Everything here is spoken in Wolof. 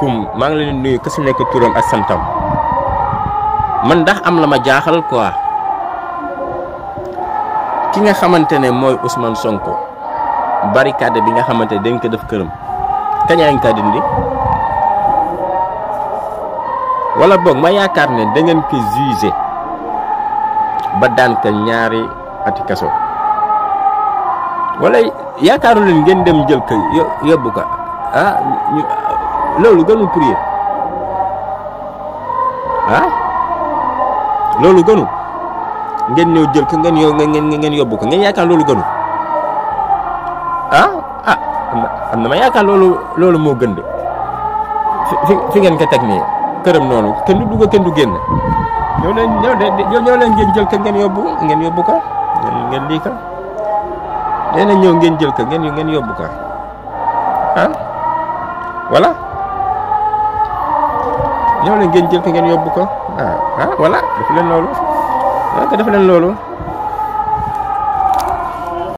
alaikum maa ngi leen nuyu ku si nekk turam ak santam man ndax am la ma jaaxal quoi ki nga xamante ne Ousmane Sonko barricade bi nga xamante dañ ko def ka dindi wala boog ma yaakaar ne da ngeen ko ba daan ka ñaari ati wala yaakaaru ngeen dem jël ko ko ah loolu gënul prier ah loolu gënul ngeen ñëw jël ko ngeen yo ngeen ngeen yóbbu ko ngeen yaakaar loolu gënul ah ah am na ma yaakaar loolu loolu moo gën de fi ngeen ko teg nii këram noonu kenn du dugg kenn du génn ñëw leen ñëw ngeen jël ko ngeen yóbbu ngeen ko ngeen lii ko nee na ñëw ngeen jël ko ngeen ngeen yóbbu ko ah ñëw leen ngeen jël ko ngeen yóbbu ko ah ah voilà loolu ah te def loolu.